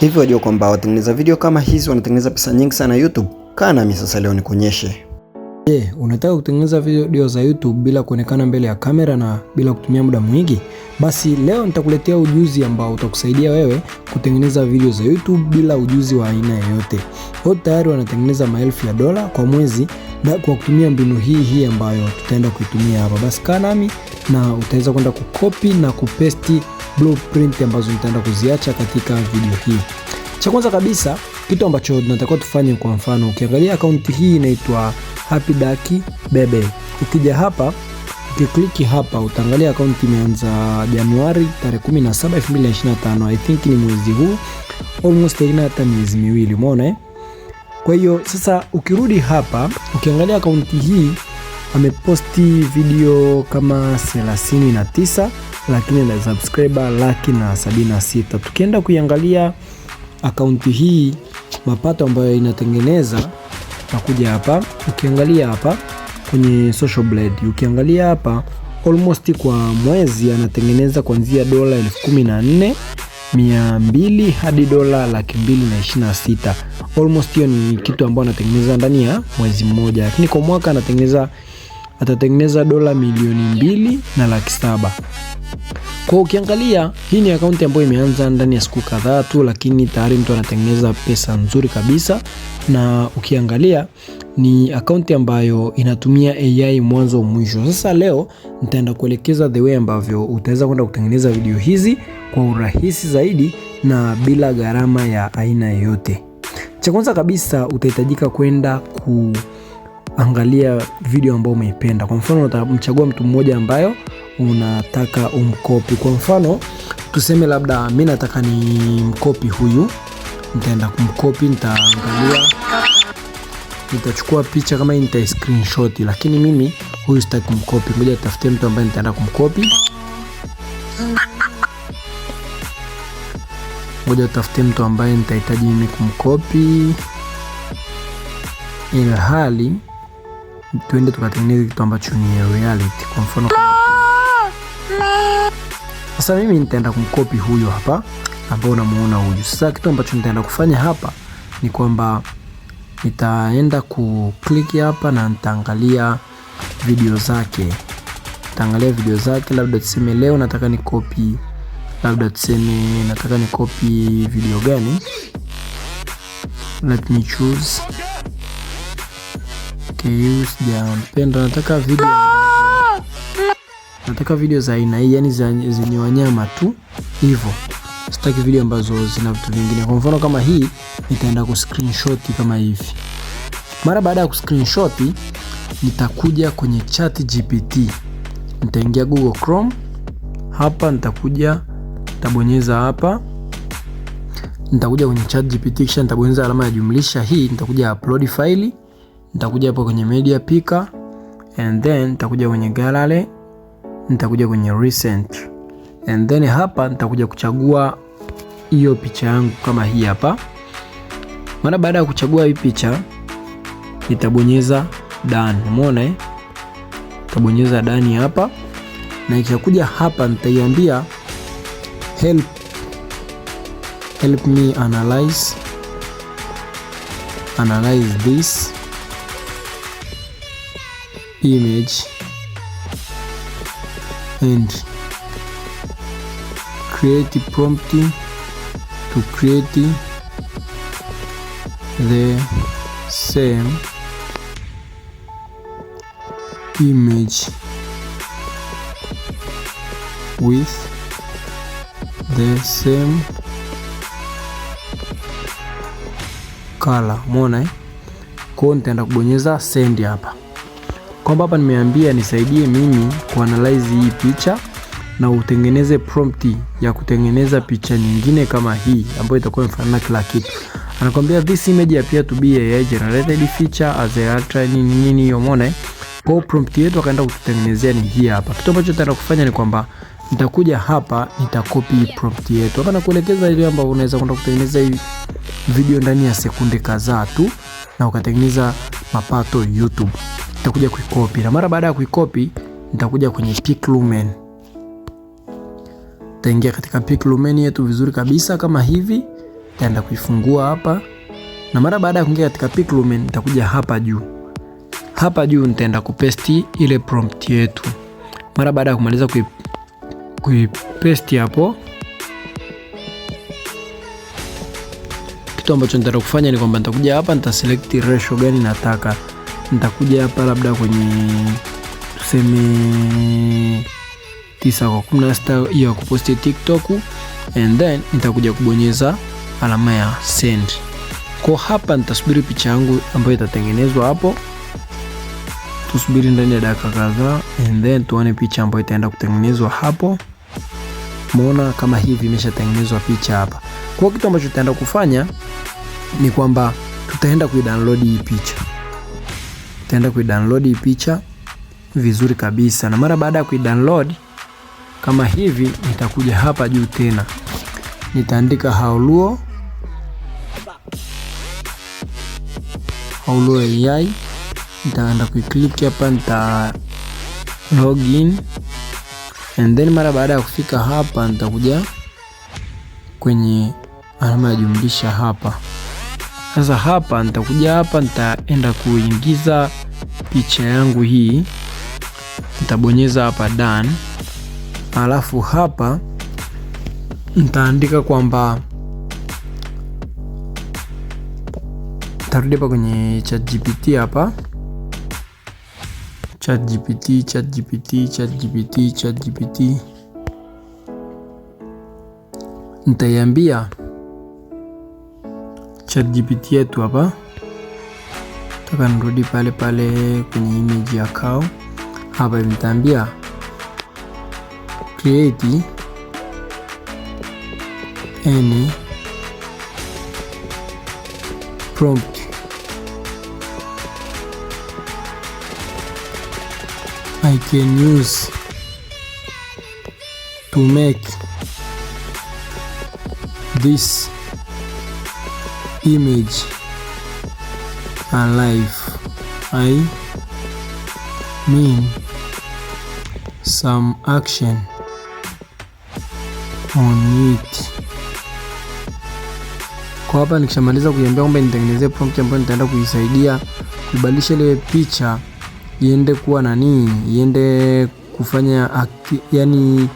Hivyo wajua kwamba watengeneza video kama hizi wanatengeneza pesa nyingi sana YouTube. Kaa nami sasa leo nikuonyeshe. Je, unataka kutengeneza video za YouTube bila kuonekana mbele ya kamera na bila kutumia muda mwingi? Basi leo nitakuletea ujuzi ambao utakusaidia wewe kutengeneza video za YouTube bila ujuzi wa aina yoyote. Watu tayari wanatengeneza maelfu ya dola kwa mwezi na kwa kutumia mbinu hii hii ambayo tutaenda kuitumia hapa. Basi kaa nami na utaweza kwenda kukopi na kupesti blueprint ambazo nitaenda kuziacha katika video hii. Cha kwanza kabisa, kitu ambacho tunatakiwa tufanye, kwa mfano ukiangalia akaunti hii inaitwa Happy Ducky Bebe, ukija hapa ukikliki hapa utaangalia akaunti imeanza Januari tarehe 17, 2025. I think ni mwezi huu almost ina hata miezi miwili, umeona eh? Kwa hiyo sasa ukirudi hapa ukiangalia akaunti hii ameposti video kama 39 lakini na subscriber laki na sabini na sita. Tukienda kuiangalia akaunti hii mapato ambayo inatengeneza, nakuja hapa, ukiangalia hapa kwenye Social Blade, ukiangalia hapa almost kwa mwezi anatengeneza kuanzia dola elfu kumi na nne mia mbili hadi dola laki mbili na ishirini na sita. Almost hiyo ni kitu ambayo anatengeneza ndani ya mwezi mmoja, lakini kwa mwaka anatengeneza atatengeneza dola milioni mbili na laki saba. Kwa ukiangalia hii ni akaunti ambayo imeanza ndani ya siku kadhaa tu, lakini tayari mtu anatengeneza pesa nzuri kabisa, na ukiangalia ni akaunti ambayo inatumia AI mwanzo mwisho. Sasa leo nitaenda kuelekeza the way ambavyo utaweza kwenda kutengeneza video hizi kwa urahisi zaidi na bila gharama ya aina yoyote. Cha kwanza kabisa utahitajika kwenda ku angalia video ambayo umeipenda. Kwa mfano utamchagua mtu mmoja ambayo unataka umkopi. Kwa mfano tuseme labda mi nataka ni mkopi huyu, nitaenda kumkopi, nitaangalia, nitachukua picha kama hii, nita screenshot, lakini mimi huyu sitaki kumkopi. Ngoja nitafute mtu ambaye nitaenda kumkopi. Ngoja utafute mtu ambaye nitahitaji mimi kumkopi, ilhali tuende tukatengeneza kitu ambacho ni reality. Kwa mfano sasa mimi nitaenda kumkopi huyo hapa ambao unamuona huyu. Sasa kitu ambacho nitaenda kufanya hapa ni kwamba nitaenda click hapa na nitaangalia video zake, nitaangalia video zake, labda tuseme leo nataka ni copy, labda tuseme nataka ni copy video gani? Let me choose. Okay, sijampenda, nataka video nataka video za aina hii, yani zenye wanyama tu hivyo. Sitaki video ambazo zina vitu vingine. Kwa mfano kama hii, nitaenda ku screenshot kama hivi. Mara baada ya ku screenshot, nitakuja kwenye chat GPT, nitaingia Google Chrome hapa, nitakuja nitabonyeza hapa, nitakuja kwenye chat GPT, kisha nitabonyeza alama ya jumlisha hii, nitakuja upload file, nitakuja hapa kwenye media picker and then nitakuja kwenye gallery nitakuja kwenye recent and then hapa nitakuja kuchagua hiyo picha yangu kama hii hapa. Mara baada ya kuchagua hii picha nitabonyeza done, umeona eh? Nitabonyeza done hapa, na ikikuja hapa nitaiambia help, help me analyze analyze this image and create prompt to create the same image with the same color. mona content eh? Kwa nitaenda kubonyeza send hapa kwamba hapa nimeambia nisaidie mimi kuanalyze hii picha na utengeneze prompt ya kutengeneza picha nyingine kama hii ambayo itakuwa imefanana kila kitu. Anakuambia this image appear to be AI generated feature as a ultra nini nini hiyo, umeona? Kwa prompt yetu akaenda kututengenezea ni hii hapa. Kitu ambacho tutaenda kufanya ni kwamba nitakuja hapa nitakopi prompt yetu hapa, nakuelekeza ile ambayo unaweza kwenda kutengeneza hii video ndani ya sekunde kadhaa tu na ukatengeneza mapato YouTube nitakuja kuikopi, na mara baada ya kuikopi nitakuja kwenye lumen. Nitaingia katika lumen yetu vizuri kabisa kama hivi, nitaenda kuifungua hapa, na mara baada ya kuingia katika lumen nitakuja hapa juu. Hapa juu nitaenda kupesti ile prompt yetu. Mara baada ya kumaliza paste hapo kitu ambacho nitaenda kufanya ni kwamba nitakuja hapa, nitaselect ratio gani nataka nitakuja hapa labda kwenye tuseme tisa kwa kumi na sita hiyo ya kuposti TikTok, and then nitakuja kubonyeza alama ya send. Kwa hapa nitasubiri picha yangu ambayo itatengenezwa hapo, tusubiri ndani ya dakika kadhaa, and then tuone picha ambayo itaenda kutengenezwa hapo. Mona kama hivi imeshatengenezwa picha hapa. Kwa kitu ambacho tutaenda kufanya ni kwamba tutaenda kuidownload hii picha utaenda kuidownload hii picha vizuri kabisa, na mara baada ya kuidownload kama hivi, nitakuja hapa juu tena, nitaandika Haoluo Haoluo AI, nitaenda kuiclick hapa, nita login and then mara baada ya kufika hapa nitakuja kwenye alama ya jumlisha hapa. Sasa hapa nitakuja hapa, nitaenda kuingiza picha yangu hii, nitabonyeza hapa done, alafu hapa nitaandika kwamba tarudi hapa kwenye ChatGPT hapa ChatGPT ChatGPT ChatGPT ChatGPT nitaiambia chat GPT yetu hapa. Nataka nirudi pale pale kwenye image ya cow hapa, nitaambia create any prompt I can use to make this image alive i mean some action on it. Kwa hapa nikishamaliza kuiambia kwamba nitengenezee prompt ambayo nitaenda kuisaidia kubadilisha ile picha iende kuwa nani, iende kufanya acti, yani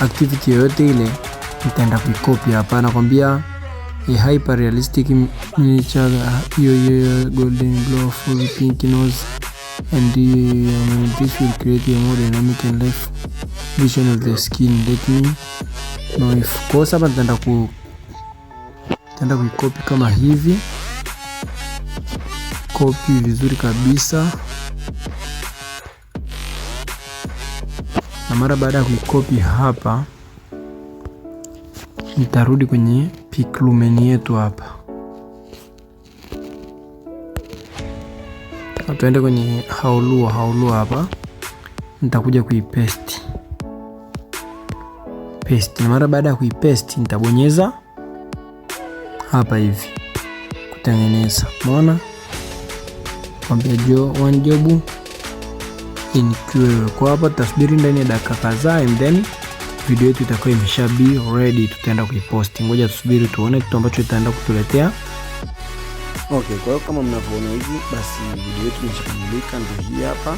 activity yoyote ile, nitaenda kuikopi hapa, nakwambia a hyper-realistic miniature hiyo hiyo ya golden glow full pink nose and um, this will create a more dynamic and life vision of the skin let me know if course. Hapa nitaenda ku nitaenda copy kama hivi, copy vizuri kabisa, na mara baada ya kuikopi hapa nitarudi kwenye piklumeni yetu hapa. Tuende kwenye haulua haulua hapa, nitakuja kuipaste paste, na mara baada ya kuipaste nitabonyeza hapa hivi kutengeneza. Umeona, kwambia jo one job in Kwa hapa tutasubiri ndani ya dakika kadhaa and then video yetu itakuwa imesha be ready, tutaenda kuiposti. Ngoja tusubiri tuone kitu ambacho itaenda kutuletea. Okay, kwa hiyo kama mnavyoona hivi, basi video yetu imeshakamilika, ndio hii hapa,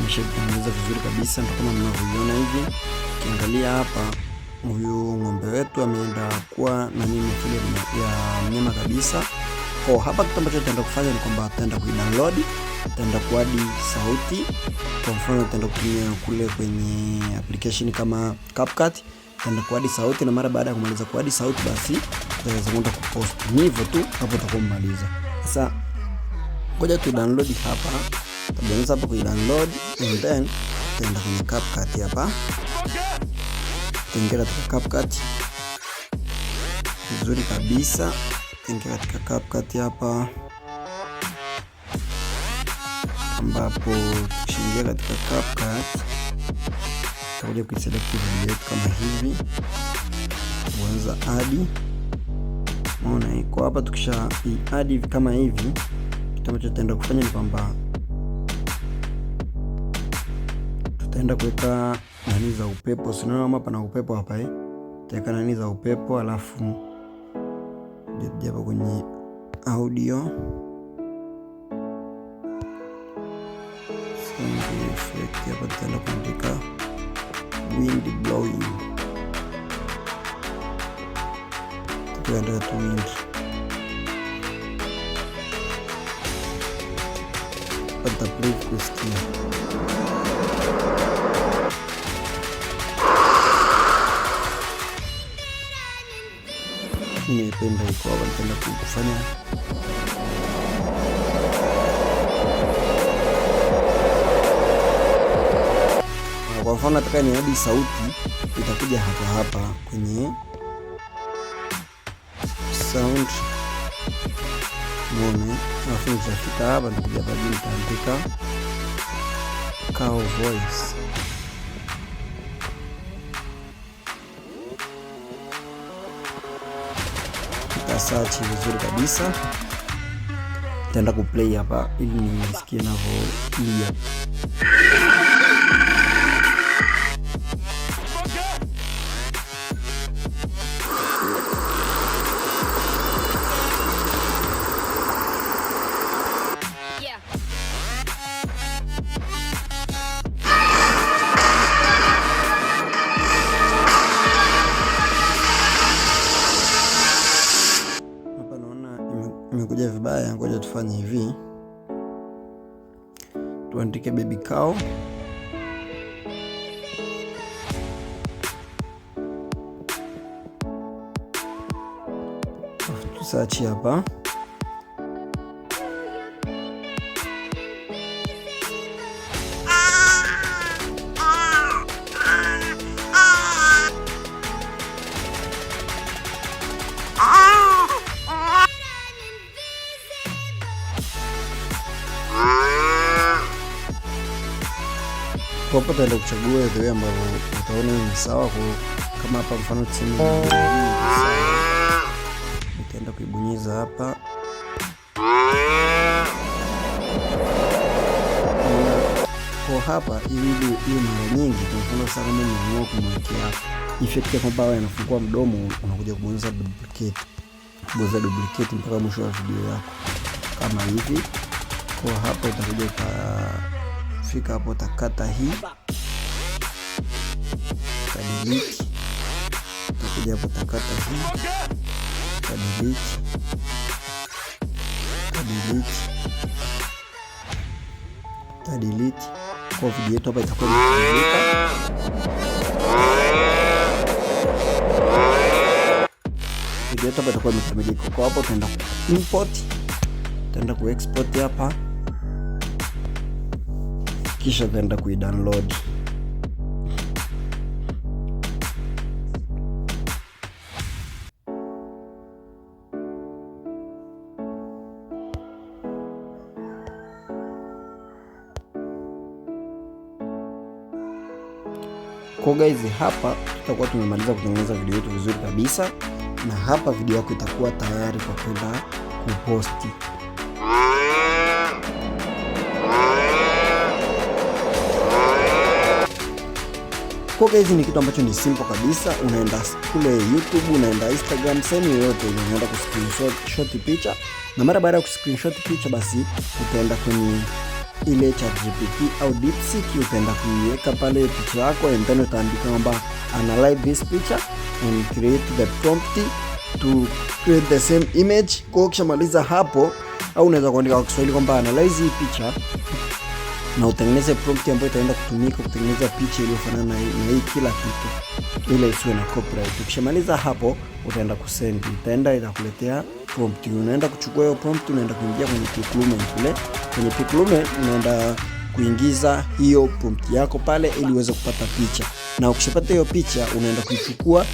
imeshatengeneza vizuri kabisa, ndio kama mnavyoiona hivi. Ukiangalia hapa, huyu ng'ombe wetu ameenda kuwa na nini ya mnyama kabisa. Kwa hapa kitu ambacho tutaenda kufanya ni kwamba tutaenda kuidownload, tutaenda kuadi sauti. Kwa mfano tutaenda kutumia kule kwenye application kama CapCut, tutaenda kuadi sauti na mara baada ya kumaliza kuadi sauti, basi tutaweza kwenda kupost. Ni hivyo tu, hapo tutakuwa mmaliza. Sasa ngoja tu download hapa, tabonyeza hapa ku download and then tutaenda kwenye CapCut hapa, tutaingia katika CapCut vizuri kabisa ingia katika CapCut hapa, ambapo tukishaingia katika CapCut utakuja kuiselect video yetu kama hivi, uanza adi maona iko hapa. Tukisha adi kama hivi, kitu ambacho tutaenda kufanya ni kwamba tutaenda kuweka nani za upepo. Sinaona hapa pana upepo hapa, eh, tutaweka nani za upepo alafu jadi apa kunyi audio sampai setiap tanda ketika wind blowing tapi ada tuh wind pada pelik pasti nimependa iko nipenda kufanya kwa mfano, nataka hadi sauti, itakuja hapa hapa kwenye sound mone, alafu nitafika hapa, nikuja hapa nitaandika cow voice search vizuri kabisa. Nitaenda kuplay hapa ili nisikie inavyolia. imekuja vibaya, ngoja tufanye hivi, tuandike baby cow tusachi hapa kwa hapo utaenda kuchagua the way ambavyo utaona ni sawa. Kwa kama hapa mfano simu nitaenda kuibonyeza hapa, kwa hapa ili iwe mara nyingi. Kwa mfano sasa, kama umeamua kumwekea effect kwamba awe anafungua mdomo, unakuja kubonyeza duplicate, kubonyeza duplicate mpaka mwisho wa video yako kama hivi. Kwa hapa utakuja kwa Ukifika hapo utakata hii utadiliki, utakuja hapo utakata hii utadiliki, utadiliki, utadiliki. Kwa video yetu hapa itakuwa imekamilika. Video yetu hapa itakuwa imekamilika. Kwa hapo utaenda kuimport, utaenda kuexport hapa kisha ukaenda kuidownload Kwa guys, hapa tutakuwa tumemaliza kutengeneza video yetu vizuri kabisa, na hapa video yako itakuwa tayari kwa kwenda kuposti. Kwa hizi ni kitu ambacho ni simple kabisa, unaenda kule YouTube, unaenda Instagram, sehemu yoyote ile, unaenda ku screenshot picha, na mara baada ya ku screenshot picha, basi utaenda kwenye ile chat GPT au DeepSeek, utaenda kuiweka pale picha yako, and then utaandika kwamba analyze this picture and create the prompt to create the same image. Kwa ukishamaliza hapo, au unaweza kuandika kwa Kiswahili kwamba analyze hii picha na utengeneze prompt ambayo itaenda kutumika kutengeneza picha iliyofanana na hii kila kitu, ile isiwe na copyright. Ukishamaliza hapo, utaenda kusend, itaenda itakuletea prompt. Unaenda kuchukua hiyo prompt, unaenda kuingia kwenye Quick kule. Kwenye Quick unaenda kuingiza hiyo prompt yako pale, ili uweze kupata picha, na ukishapata hiyo picha unaenda kuichukua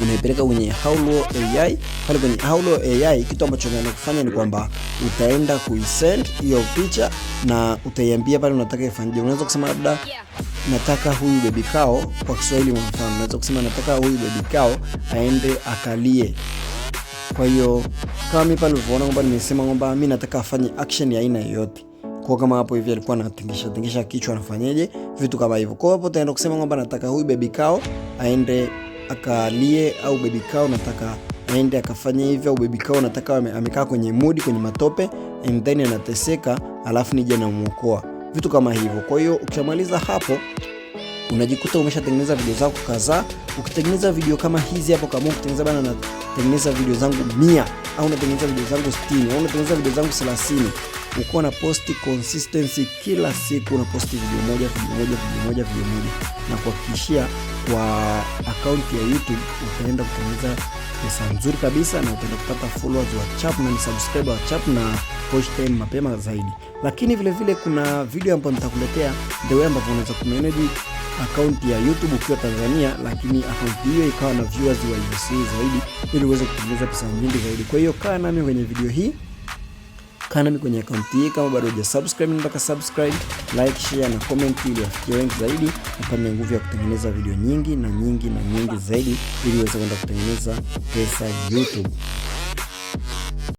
unaipeleka kwenye Haulo AI pale kwenye Haulo AI, kitu ambacho kufanya ni kwamba utaenda kuisend hiyo picha na utaiambia pale unataka ifanyaje. Unaweza kusema labda nataka huyu baby cow, kwa Kiswahili kwa mfano, unaweza kusema nataka huyu baby cow aende akalie kwa hiyo kama mimi pale ulivyoona kwamba nimesema kwamba mimi nataka afanye action ya aina yoyote, kwa kama hapo hivi alikuwa anatingisha tingisha kichwa, anafanyaje vitu kama hivyo. Kwa hapo utaenda kusema kwamba nataka huyu baby cow aende akalie au bebi kao nataka aende akafanya hivyo, au bebi kao nataka amekaa kwenye mudi kwenye matope and then anateseka, alafu nije namuokoa, vitu kama hivyo. Kwa hiyo ukishamaliza hapo unajikuta umeshatengeneza video zako kadhaa. Ukitengeneza video kama hizi hapo, kama ukitengeneza bana, natengeneza video zangu mia au natengeneza video zangu 60 au natengeneza video zangu 30 ukiwa na posti consistency kila siku na posti video moja video moja video moja video moja, na kuhakikishia kwa akaunti ya YouTube utaenda kutengeneza pesa nzuri kabisa, na utaenda kupata followers wa chap na subscriber wa chap na coach time mapema zaidi. Lakini vile vile kuna video ambayo nitakuletea the way ambavyo unaweza ku manage akaunti ya YouTube ukiwa Tanzania, lakini akaunti hiyo ikawa na viewers wa USA zaidi, ili uweze kutengeneza pesa nyingi zaidi. Kwa hiyo kaa nami kwenye video hii. Kaa nami kwenye akaunti hii, kama bado subscribe, nenda subscribe like, share na comment ili wafikia wengi zaidi, nipate nguvu ya kutengeneza video nyingi na nyingi na nyingi zaidi, ili uweze kwenda kutengeneza pesa YouTube.